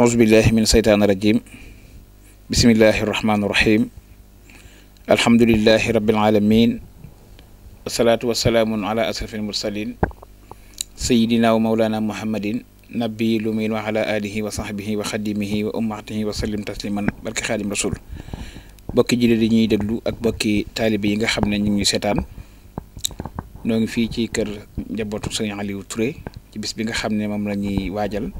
أعوذ بالله من الشيطان الرجيم بسم الله الرحمن الرحيم الحمد لله رب العالمين والصلاة والسلام على أسرف المرسلين سيدنا ومولانا محمد نبي لمين وعلى آله وصحبه وخدمه وأمته وسلم تسليما بارك خادم رسول بكي جيل دي ني دغلو اك بكي طالب ييغا في تي كير جابوتو علي توري تي بيس بيغا خامن مام لا ني واديال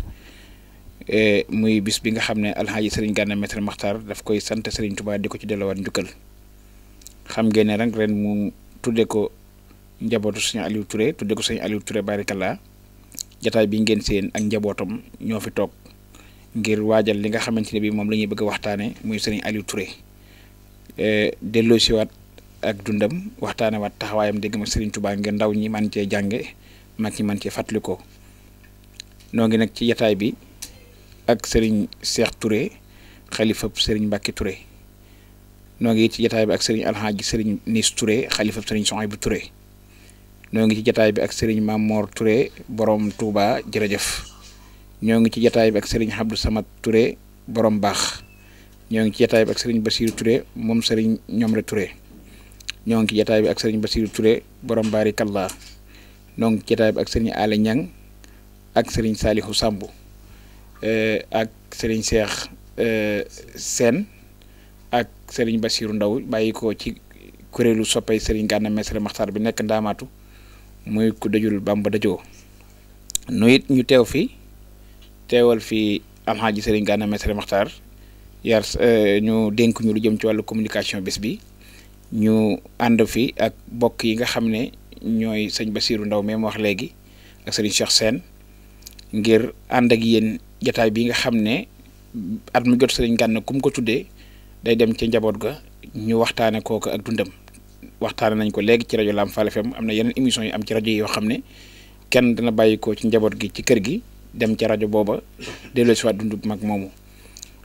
Eh, muy bis bi nga xam ne alxaaji sëriñ Gana Mesere Maxtaar daf koy sant sëriñ Tuubaa di ko ci delluwaat njukkal xam ngeen ne rek ren mu tudde ko njabootu sëñ Aliou Touré tudde ko sëñ Aliou Touré barikalla jataay bi ngeen seen ak njabootam ñoo fi toog ngir waajal li nga xamante ne bi moom la bëgg a waxtaane muy sëriñ Aliou Touré eh, delloo siwaat ak dundam waxtaane waat taxawaayam dégg ma sëriñ tubaa ngir ndaw ñi man cee jànge mag ñi man cee fàttali ko noo ngi nag ci jataay bi ak serigne cheikh touré khalifa serigne mbacke touré nogi ci jotaay bi ak serigne alhaji serigne nis touré khalifa serigne sohaybu touré nogi ci jotaay bi ak serigne mamour touré borom touba jerejeuf ñogi ci jotaay bi ak serigne abdou samad touré borom bax ñogi ci jotaay bi ak serigne basir touré moom serigne ñomre touré ñogi ngi ci jataay bi ak serigne basir touré borom barikallah nogi ñoo ci jataay bi ak serigne ale ñang ak serigne salihou sambou Eh, ak sëriñ Cheikh eh, seen ak sëriñ Bassirou Ndaw bàyyikoo ci kuréelu soppay sëriñ Gana Messere Maxtaar bi nekk ndaamaatu muy ku dajul Bamba dajoo nu it ñu teew fi teewal fi alxaaji sëriñ Gana Messere Maxtaar yar eh, ñu dénk ñu lu jëm ci wàllu communication bis bi ñu ànd fi ak bokk yi nga xam ne ñooy sëñ Bassirou Ndaw même wax léegi ak sëriñ Cheikh Sène ngir ànd ak yéen jataay bi nga xam ne at mu jot sëriñ Gana ku mu ko tuddee day dem ca njaboot ga ñu waxtaane kooku ak dundam waxtaane nañ ko léegi ci rajo Lam Fall FM am na yeneen émission yi am ci rajo yoo xam ne kenn dana bàyyi ci njaboot gi ci kër gi dem ca rajo booba delloo si waat dund bu mag moomu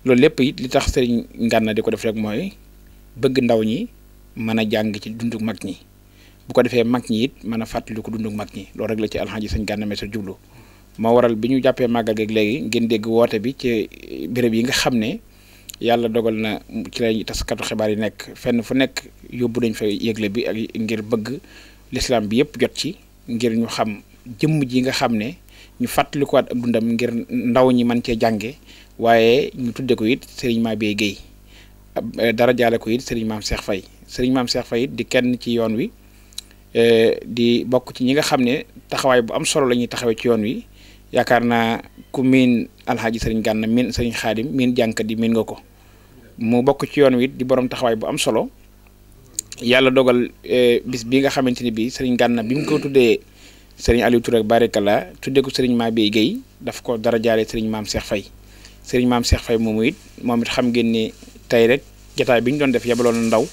loolu lépp it li tax sëriñ Gana di ko def rek mooy bëgg ndaw ñi mën a jàng ci dundu mag ñi bu ko defee mag ñi it mën a fàttali ko dundu mag ñi loolu rek la ci alxaaji sëñ Gana Messere jublu moo waral bi ñu jàppee màggal geeg léegi ngeen dégg woote bi ci béréb yi nga xam ne yàlla dogal na ci lay taskatu xibaar yi nekk fenn fu nekk yóbbu dañ fa yëgle bi ak ngir bëgg lislaam bi yëpp jot ci ngir ñu xam jëmm ji nga xam ne ñu fàttalikuwaat ab dundam ngir ndaw ñi mën cee jànge waaye ñu tudde ko it sëriñ Mabeye Guèye eh, dara jaale ko it sëriñ maam seex fay sëriñ maam seex Faye di kenn ci yoon wi eh, di bokk ci ñi nga xam ne taxawaay bu am solo la ñuy taxawee ci yoon wi yaakaar naa ku miin alxaaji sëriñ Gana miin sëriñ xaadim miin jànkat yi miin nga ko mu bokk ci yoon wi di borom taxawaay bu am solo yàlla dogal eh, bis bi nga xamante ni bii sëriñ Gana bi mu ko tuddee sëriñ Aliou Touré barikala tuddee ko sëriñ Mabey Guèye daf ko dara jaaree sëriñ maam Cheikh Faye sëriñ maam Cheikh Faye moomu it moom it xam ngeen ni tey rek jataay bi ñu doon def yabaloon ndaw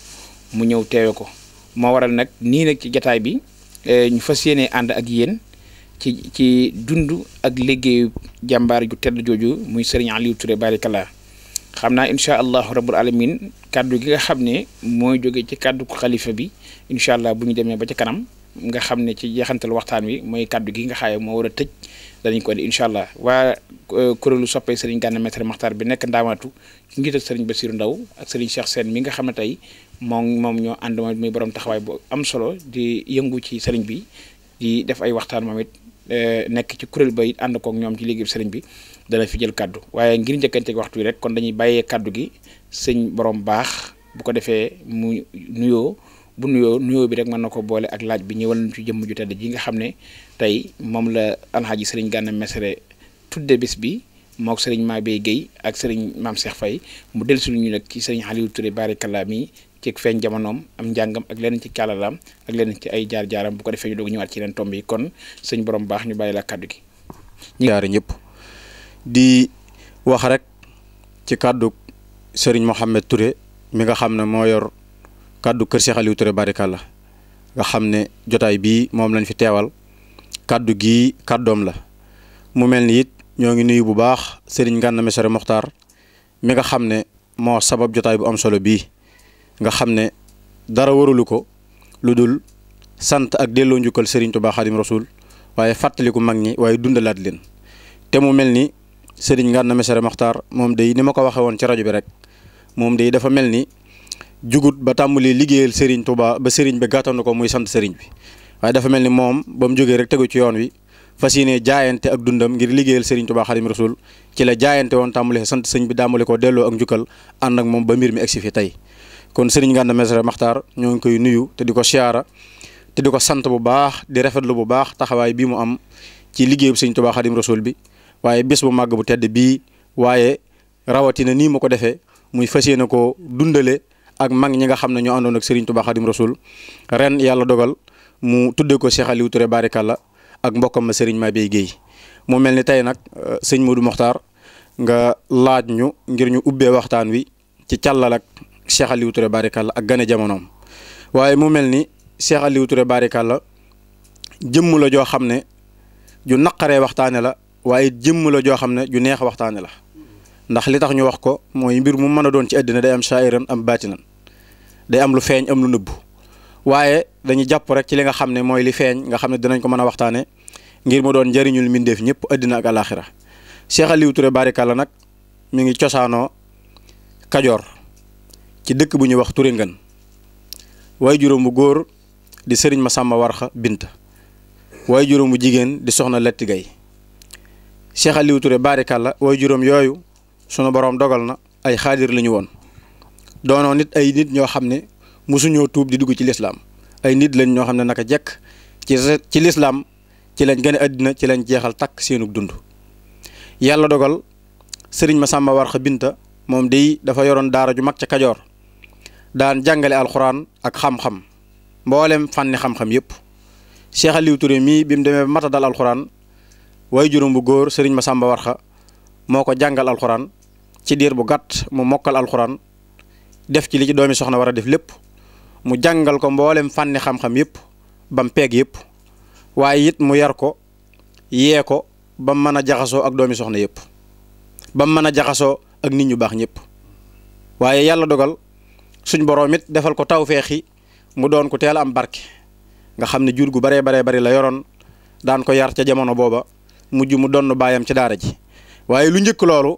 mu ñëw teewe ko moo waral nag nii nag ci jataay bi eh, ñu fas yéenee ànd ak yéen. ci ci dund ak liggéeyu jàmbaar ju tedd jooju muy sëriñ Aliou Touré barikalla xam naa incha allah rabbul alamin kàddu gi nga xam ne mooy jóge ci kàddu xalifa bi incha allah bu ñu demee ba ci kanam nga xam ne ci jeexantal waxtaan wi mooy kàddu gi nga xaaye moo war a tëj danañ ko di incha allah waa euh, kuréelu soppee sëriñ Gana Messere Maxtaar bi nekk ndaamaatu ci njiital sëriñ Basiru Ndaw ak sëriñ Cheikh seen mi nga xam ne tey moom moom ñoo ànd borom taxawaay bu am solo di yëngu ci sëriñ bi di def ay waxtaan moom it Eh, nekk ci kuréel ba it ànd kook ñoom ci liggéey sëriñ bi dana fi jël kaddu waaye ngir njëkkanteeg waxtu wi rek kon dañuy bàyyee kaddu gi sëñ borom baax bu ko defee mu nuyoo bu nuyoo nuyoo bi rek mën na ko boole ak laaj bi ñëwal nañu ci jëmm ju tedd ji nga xam ne tey moom la alxaaji sëriñ Gana Messere tudde bis bi mook sëriñ Mabey Guèye ak sëriñ Maam Cheikh Faye mu dellu si ñu nag ci sëriñ Aliou Touré barikalla mi ci feeñ jamonom am jangam ak leneen ci kalalam ak leneen ci ay jaar-jaaram bu ko defé ñu doog ñëwaat ci leen tombi kon sëñ borom baax ñu bayila kaddu gi. ñu ñëpp di wax rek ci kaddu Serigne mohammed Touré mi nga xamne mo yor kaddu keur Cheikh Aliou Touré barikalla nga xamne jotay bi mom lañ fi téwal kaddu gi kaddom la mu melni it ñoo ngi nuyu bu baax Serigne Gana Mokhtar mi nga xamne mo sabab jotay bu am solo bi nga xam ne dara warulu ko lu dul sant ak delloo njukkal Serigne Touba Xadim rasul waaye fàttaliku mag ñi waaye dundalaat leen te mu mel ni Serigne Gana Messere Maxtaar moom day ni ma ko waxee woon ci rajo bi rek moom day dafa mel ni jugut ba tàmbali liggéeyal Serigne Touba ba Serigne bi gàttanu ko muy sant sëriñ bi waaye dafa mel ni moom ba mu jógee rek tegu ci yoon wi. fas yéene jaayante ak dundam ngir liggéeyal Serigne Touba Xadim Rasul ci la jaayante woon tàmbale sant sëñ bi daamale koo delloo ak njukkal ànd moom ba mbir mi egsi tey kon Serigne Nganda mesra makhtar ñoo ngi koy nuyu te diko ko te di sante bu baax di rafetlu bu baax taxaway bi mu am ci liggéeyu Serigne Touba khadim Rasul bi waye bes bu mag bu tedd bi waye rawati na ni mako defé muy fas ko dundale ak mag ñi nga xam ñu andon ak Serigne Touba khadim Rasul ren yalla dogal mu tuddé ko Cheikh Aliou Touré Barikalla ak mbokam ma Serigne Mabeye Guèye mu mel ni tey nag euh, ga Modou Mokhtar nga laaj ñu ngir ñu ubbé waxtaan wi ci cyallal ak Cheikh Aliou Touré Barikalla ak gane jamonoom waaye mu mel ni Cheikh Aliou Touré Barikalla la joo xam ne ju naqaree waxtaane la waaye jëmm la joo xam ne ju neex waxtaane la ndax li tax ñu wax ko mooy mbir mu mën a doon ci àddina day am shaa'iran am baatinan day am lu feeñ am lu nëbbu waaye dañu jàpp rek ci li nga xam ne mooy li feeñ nga xam ne dinañ ko mën a waxtaane ngir mu doon njëriñul mbindeef ñëpp àddina ak alaaxira Cheikh Aliou Touré Barikalla nag mu ngi cosaanoo Kajoor ci dëkk bu ñuy wax Touré Ngane waaye juróom bu góor di sëriñ Masamba Warxa Binta waaye juróom bu jigéen di soxna Latti Gaye Cheikh Aliou Touré waaye juróom yooyu sunu borom dogal na ay xaadir lañu woon doonoon nit ay nit ñoo xam ne mosuñoo tuub di dugg ci lislaam ay nit lañ ñoo xam ne naka jekk ci ci lislaam ci lañ gën àddina ci lañ jeexal takk seenug dund yàlla dogal sëriñ ma Masamba Warxa Binta moom day dafa yoroon daara ju mag ca Kajoor Dan jangale alquran ak xam-xam mbollem fanni xam-xam yep Cheikh Aliou Touré mi bim mu mata dal alquran way jurum bu gor serigne Masamba Warxa moko jangal alquran ci dir bu gat mu mokal alquran def ci li ci domi soxna wara def lepp mu jangal ko mbollem fanni xam-xam yep bam peg yep waye yit mu yar ko yé ko bam mën jaxaso ak domi soxna yep bam mën jaxaso ak nit ñu bax ñep waye yalla dogal suñ borom it defal ko tawféex yi mu doon ko teel am barke nga xam ne jur gu bare bare bare la yoroon daan ko yar ca jamono booba mujj mu donn baayam ci daara ji waaye lu njëkk loolu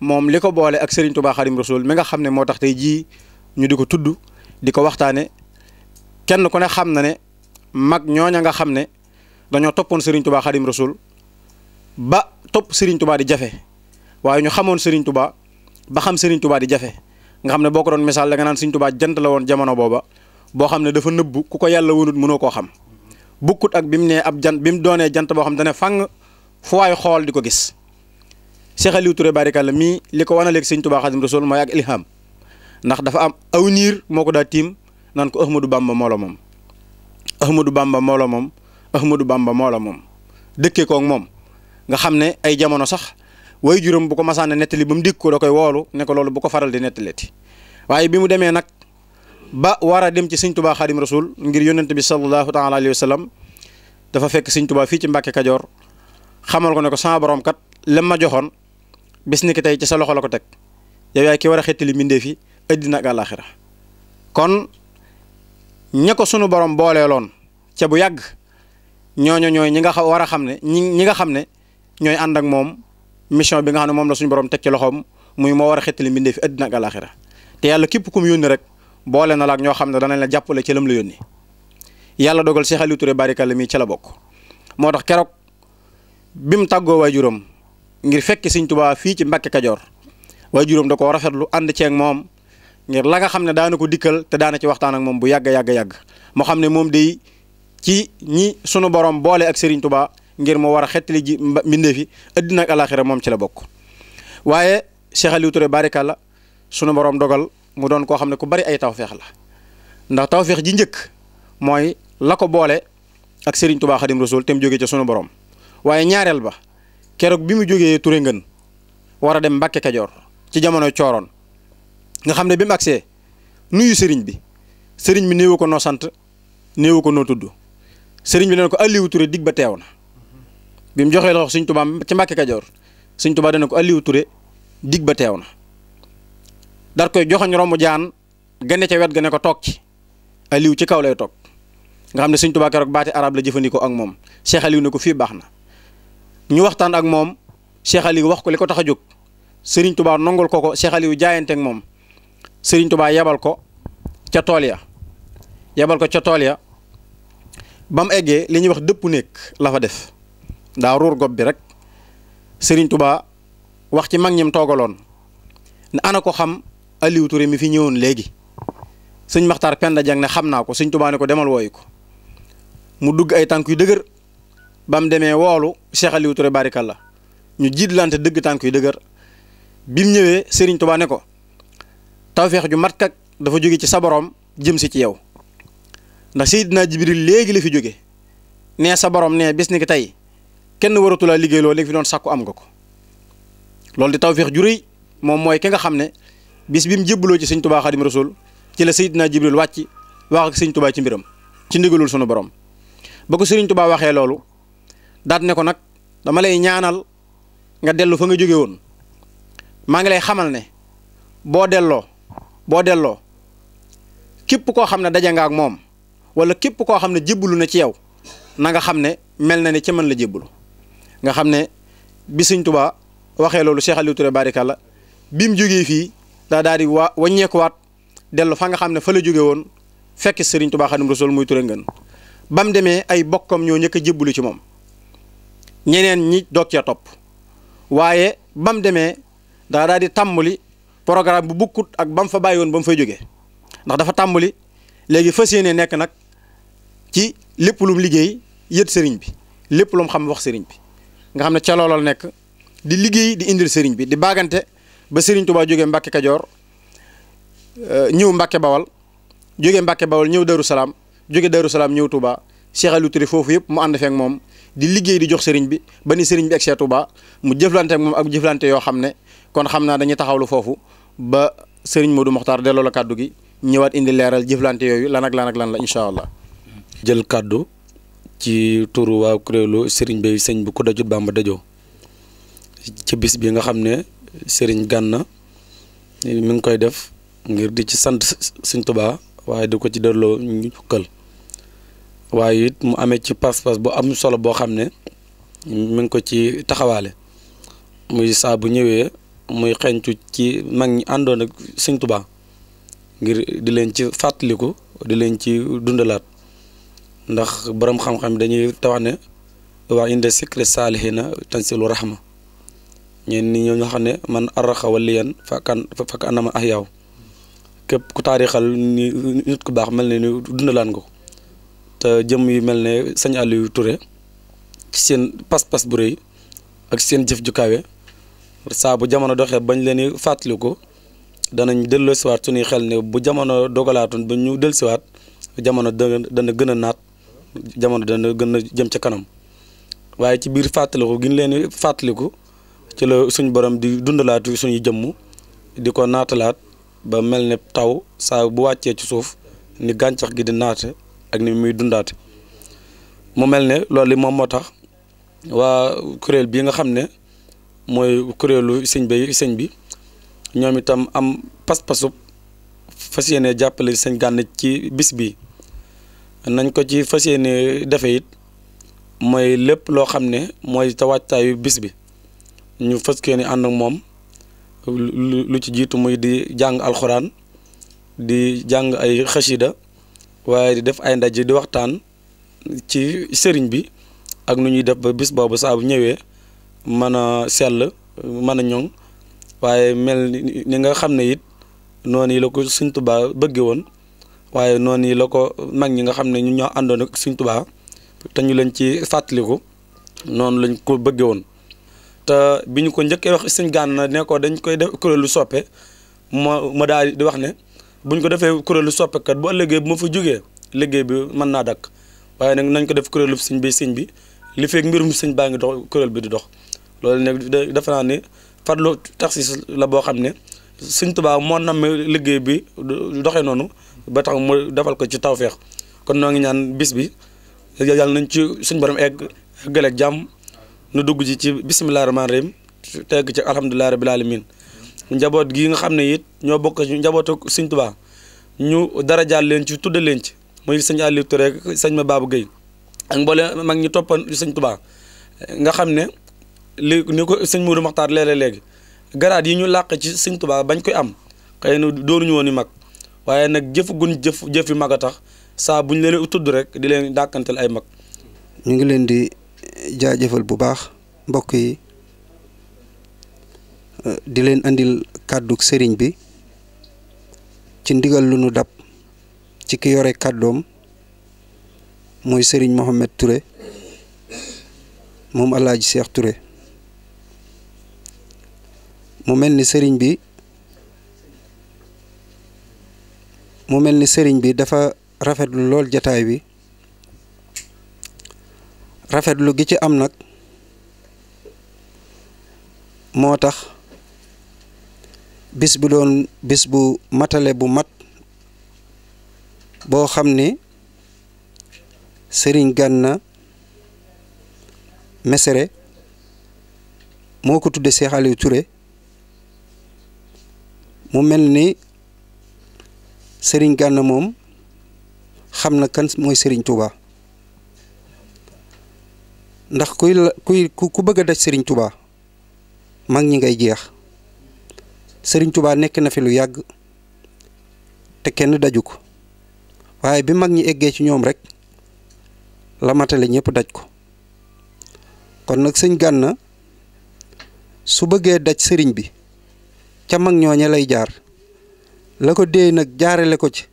moom li boole ak Serigne Touba Xadim Rasul mi nga xam ne moo tax tey jii ñu di ko tudd di ko waxtaane kenn ku ne xam na ne mag ñooña nga xam ne dañoo toppoon Serigne Touba Xadim Rasul ba topp Serigne Touba di jafe waaye ñu xamoon Serigne Touba ba xam Serigne Touba di jafe. nga xam ne boo ko doon misaal da nga naan Sëriñ Tuubaa jant la woon jamono booba boo xam ne dafa nëbbu ku ko yàlla wonut mënoo koo xam bukkut ak bi mu nee ab jant bi mu doonee jant boo xam dana ne fang fu waay xool di ko gis Cheikh Aliou Touré barikàlla mii li ko wana wanaleeg Sëriñ Tuubaa Xaadimu Rasuul mooy ak ilham ndax dafa am aw niir moo ko daa tiim naan ko Ahmadou Bamba moo la moom Ahmadou bàmba moo la moom Ahmadou Bamba moom dëkkee koog moom nga xam ne ay jamono sax way juróom bu ko masaane nettali ba mu dégg ko da koy woolu ne ko loolu bu ko faral di nettaleti waaye bi mu demee nag ba war a dem ci siñ tubaa xaadim rasul ngir yonent bi sallallahu taala alayhi wa sallam dafa fekk sëñ tubaa fii ci mbàkke kajoor xamal ko ne ko sama borom kat lem ma joxoon bis tey ci sa loxo la ko teg yow yaay war a xettali mbindeef yi àddina ak kon ña sunu borom booleeloon ca bu yàgg ñooñu ñooy ñi nga war a xam ne ñi ñi nga xam ne ñooy ànd ak moom mission bi nga xam ne moom la suñu borom teg ci loxoom muy moo war a xettali mbindee fi àddina ak àlaaxira te yàlla képp ku mu yónni rek boole na la ak ñoo xam ne danañ la jàppale ci lam la yónni yàlla dogal Cheikh Aliou Touré barikalla mii ci la bokk moo tax keroog bi mu tàggoo waajuram ngir fekk Sëñ Tuubaa fii ci Mbàkke Kajoor waajuram da koo rafetlu ànd ceeg moom ngir la xam ne daana ko dikkal te daana ci waxtaan ak moom bu yàgg yàgg yàgg moo xam ne moom day ci ñi sunu borom boole ak Serigne tubaa ngir mu war a xettali ji mbindeef yi addina ak alaxira moom ci la bokk waaye Cheikh Aliou Touré barikàlla sunu borom dogal mu doon koo xam ne ku bari ay tawféex la ndax tawféex ji njëkk mooy la ko boole ak Serigne Touba Khadim Rasoul te mu jógee ca sunu borom waaye ñaareel ba keroog bi mu jógee ture ngeen war a dem Mbacke Kajoor ci jamono cooroon nga xam ne bi mu nuyu sëriñ bi sëriñ bi néewu ko noo sant néewu ko noo tudd Serigne bi neen ko Aliou Touré dig ba teew na. bi mu joxee loxo sëñ Tuubaa ci Mbàkke Kajoor sëñ Tuubaa dana ko Aliou Touré dig ba teew na dar koy joxoñ romb jaan gane ca wet ga ne ko toog ci Aliou ci kaw lay toog nga xam ne sëñ Tuubaa keroog baati arab la jëfandikoo ak moom Cheikh Aliou ne ko fii baax na ñu waxtaan ak moom Cheikh Aliou wax ko li ko tax a jóg Serigne Touba nongul ko ko Cheikh Aliou moom Serigne Touba yebal ko ca tool ya yebal ko ca tool ya ba eggee li ñuy wax dëpp nekk lafa fa def daa ruur gob bi rek sëriñ Touba wax ci mag ñim toogaloon ne ana ko xam Aliou Touré mi fi ñëwoon léegi sëñ Maxtaar Penda Jang ne xam naa ko sëñ Touba ne ko demal wooyu ko mu dugg ay tànk yu dëgër ba mu demee woolu Cheikh Aliou Touré la ñu jiitlante dëgg tànk yu dëgër bi mu ñëwee Serigne Touba ne ko tawfeex ju mat kak dafa jóge ci sa boroom jëm si ci yow ndax Seydina Jibril léegi la fi jóge nee sa borom nee bis ni ko tey kenn waratu laa liggéey loolu léegi fi doon sàkku am nga ko loolu di tawféex ju rëy moom mooy ki nga xam ne bis bi mu jébbaloo ci sëñ tubaa xaadim rasul ci la Seydina Jibril wàcc wax ak sëñ tubaa ci mbiram ci ndigalul sunu borom ba ko sëriñ tubaa waxee loolu daat ne ko nag dama lay ñaanal nga dellu fa nga jóge woon maa ngi lay xamal ne boo delloo boo delloo képp koo xam ne daje nga ak moom wala képp koo xam ne jébbalu na ci yow na nga xam ne mel na ne ca mën la jébbalu nga xam ne bi Sëñ Tuubaa waxee loolu Cheikh Aliou Touré barikàlla bi mu jógee fii daa daal di waa wàññeekuwaat dellu fa nga xam ne fa la jóge woon fekk Sëriñ Tuubaa Xaadimu Rasuul muy Touré ngeen ba mu demee ay bokkam ñoo ñëkk a jébbalu ci moom ñeneen ñi doog cee topp waaye ba mu demee daa daal di tàmbali programme bu bukkut ak ba mu fa bàyyi woon ba mu fay jóge ndax dafa tàmbali léegi fas yéene nekk nag ci lépp lum liggéey yët sëriñ bi lépp lum xam wax sëriñ bi nga xam ne ca loolal nekk di liggéey di indil sëriñ bi di baagante ba sëriñ Tuubaa jógee Mbàkke Kajoor euh, ñëw Mbàkke Bawal jógee Mbàkke Bawal ñëw Daru Salaam jóge Daru Salaam ñëw Tuubaa Cheikh Aliou foofu yëpp mu ànd feek moom di liggéey di jox sëriñ bi ba ni sëriñ bi egg see mu jëflante moom ak jëflante yoo xam ne kon xam naa dañuy taxawlu foofu ba sëriñ Modou Mokhtar delloo la kàddu gi ñëwaat indi leeral jëflante yooyu lan ak lan ak lan la incha allah. jël kàddu. ci turu waa kuréelu sëriñ bi sëñ bu ku dajut Bàmba dajoo ci bis bi nga xam ne sëriñ Gana mi ngi koy def ngir di ci sant Sëriñ Tuubaa waaye di ko ci delloo njukkal waaye it mu amee ci pas-pas bu am solo boo xam ne mi ngi ko ci taxawaale muy saa bu ñëwee muy xencu ci mag ñi àndoon ak Sëriñ Tuubaa ngir di leen ci fàttaliku di leen ci dundalaat ndax borom xam-xam dañuy tawax ne waa inde sikri saalihina tansilu rahma ñeen ni ñoo xam ne man arraxa waliyan fakkan fakk anama ah yaaw képp ku taarixal ni nit ku baax mel ne ni dundalaan nga ko te jëm yu mel ne sëñ Aliou Touré ci seen pas-pas bu rëy ak seen jëf ju kawe jamono doxe bañ leen di fàttaliku danañ delloosiwaat suñuy xel ne bu jamono dogalaatoon ba ñu dellusiwaat jamono dana dana naat jamono dana gën a jëm ca kanam waaye ci biir fàttaliku gin leen di fàttaliku ci la suñ borom di dundalaatu suñu jëmm di ko naatalaat ba mel ne taw saa bu wàccee ci suuf ni gàncax gi di naate ak ni muy dundaate mu mel ne loolu moom moo tax waa kuréel bii nga xam ne mooy kuréelu sëñ bi sëñ bi ñoom itam am pas-pasub fas yéene jàppale sëñ Gana ci bis bi nañ ko ci fas yéene defe it mooy lépp loo xam ne mooy ta waajtaayu bis bi ñu fas yéene ànd ak moom lu ci jiitu muy di jàng alxuraan di jàng ay xasida waaye di def ay ndaje di waxtaan ci sëriñ bi ak nu ñuy def ba bis boobu saa bu ñëwee mën a sell mën a ñoŋ waaye mel ni nga xam ne it noonu yi la ko Sëriñ Tuubaa bëggee woon waaye noonu yi la ko mag ñi nga xam ne ñu ñoo àndoon ak Sëriñ te ñu leen ci fàttaliku noonu lañ ko bëggee woon te bi ñu ko njëkkee wax Sëriñ Gana ne ko dañ koy def kuréelu soppe moo ma daal di wax ne buñ ko defee kuréelu soppe kat bu ëllëgee bu ma fa jógee liggéey bi mën naa dakk waaye nag nañ ko def kuréelu sëñ bi siñ bi li fekk mbirum sëñ baa ngi dox kuréel bi di dox loolu nag defe naa ne farlu taxis la boo xam ne Sëriñ Tuubaa moo namm liggéey bi doxee noonu ba tax mu defal ko ci tawféex kon noo ngi ñaan bis bi yàlla nañ ci suñ borom egg gëleeg jàmm nu dugg ji ci bisimilah rahmaani rahim tegg ci alhamdulilah rabil alamin njaboot gi nga xam ne it ñoo bokk ci njabootu sëñ ñu dara jaal leen ci tudde leen ci muy sëñ rek sëñ ma Babou Guèye ak mboole mag ñi toppan sëñ Tuubaa nga xam ne li ni ko sëñ Mourou Maxtaar léeg-léeg léegi garaat yi ñu làq ci sëñ tubaa bañ koy am xëy na doonuñu woon yu mag waaye nag jëf guñ jëf jëf mag a tax saa bu ñu leen tudd rek di leen dàkkantal ay mag. ñu ngi leen di jaajëfal bu baax mbokk yi di leen indil kàddu sëriñ bi ci ndigal lu nu dab ci ki yore kàddoom mooy sëriñ Mohamed Touré moom Alaaji Seex Touré mu mel ni sëriñ bi. mu mel ni sëriñ bi dafa rafetlu lool jataay bi rafetlu gi ci am nag moo tax bis bi doon bis bu matale bu mat boo xam ni sëriñ Gana Messere moo ko tudde Cheikh Aliou Touré mu mel ni sëriñ gànna moom xam na kan mooy sëriñ Touba ndax kuy la kuy ku bëgg a daj sëriñ Touba mag ñi ngay jeex sëriñ tubaa nekk na fi lu yàgg te kenn daju ko waaye bi mag ñi eggee ci ñoom rek la matale ñëpp daj ko kon nag sëñ Gana su bëggee daj sëriñ bi ca mag ñooña lay jaar la ko déey nag jaarale ko ci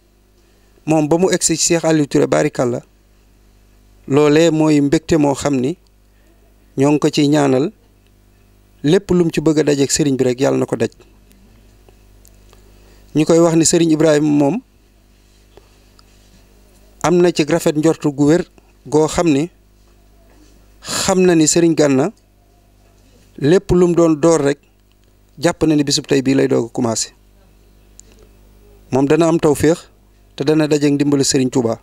moom ba mu egsi Cheikh Aliou Touré la loole mooy mbégte moo xam ni ñoo ngi ko ciy ñaanal lépp lum ci bëgg a sëriñ bi rek yàlla na ko daj ñu koy wax ni sëriñ Ibrahima moom am na ci rafet njortu gu wér goo xam ni xam na ni sëriñ Gana lépp lum doon door rek jàpp na ni bisub tey bii lay doog a commencé. mom dana am Tawfiq, te dana dajeeg ndimbalu Serigne Touba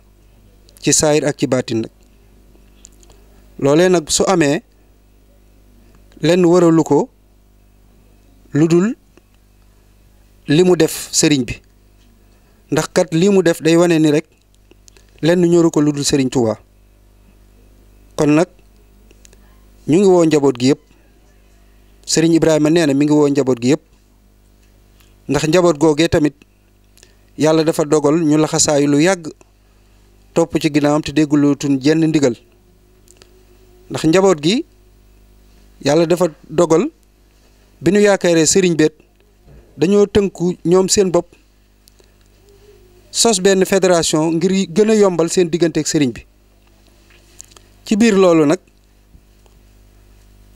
ci sayir ak ci batin nak lolé nak su amé lenn waralu ludul limu def Serigne bi ndax kat limu def day wane ni rek lenn ñoru ko lu Serigne Touba kon nak ñu ngi wo njabot gi yëpp Serigne Ibrahima nee mi ngi wo njabot gi ndax njabot goge tamit. yàlla dafa dogal ñu laxasaay lu yàgg topp ci ginnaawam te déggulutuñ jenn ndigal ndax njaboot gi yàlla dafa dogal bi ñu yaakaaree sëriñ beet dañoo tënku ñoom seen bopp sos benn fédération ngir gën a yombal seen diggante ak sëriñ bi ci biir loolu nag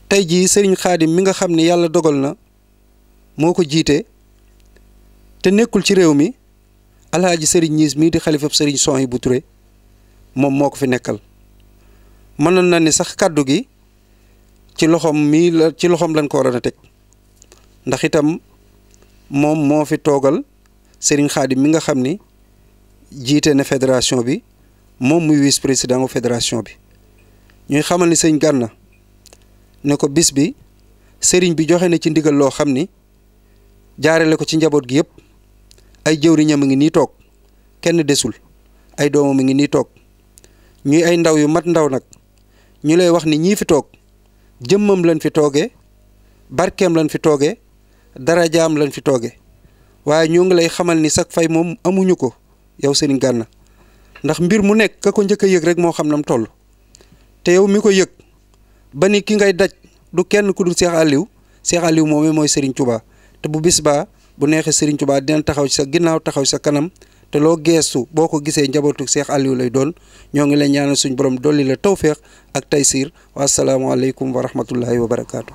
tey jii sëriñ xaadim mi nga xam ne yàlla dogal na moo ko jiite te nekkul ci réew mi alhaaji sëriñ ñiis mii di xalifab sëriñ yi bu Touré moom moo ko fi nekkal mënoon na ni sax kàddu gi ci loxoom mii la ci loxoom lañ ko waroon a teg ndax itam moom moo fi toogal sëriñ Xaadim mi nga xam ni jiite na fédération bi moom muy vice président fédération bi ñuy xamal ni sëñ Gànna ne ko bis bi sëriñ bi joxe na ci ndigal loo xam ni le ko ci njaboot gi yëpp ay jëwriñam a ngi nii toog kenn desul ay doomam a ngi nii toog ñuy ay ndaw yu mat ndaw nag ñu lay wax ni ñii fi toog jëmmam lañ fi toogee barkeem lañ fi toogee darajaam lañ fi tooge waaye ñoo ngi lay xamal ni sax fay moom amuñu ko yow Serigne Gana ndax mbir mu nekk ka ko njëkk yëg rek moo xam nam toll te yow mi ko yëg ba ni ki ngay daj du kenn ku dul Cheikh Aliou Cheikh Aliou mooy Serigne Touba te bu bis baa bu neexee Serigne Touba dina taxaw ci sa ginnaaw taxaw ci sa kanam te loo geestu boo ko gisee njabootu Cheikh Aliou lay doon ñoo ngi leen ñaanal suñu borom dolli la tawféex ak taysiir wa salaamualeykum wa rahmatullahi wa barakaatu.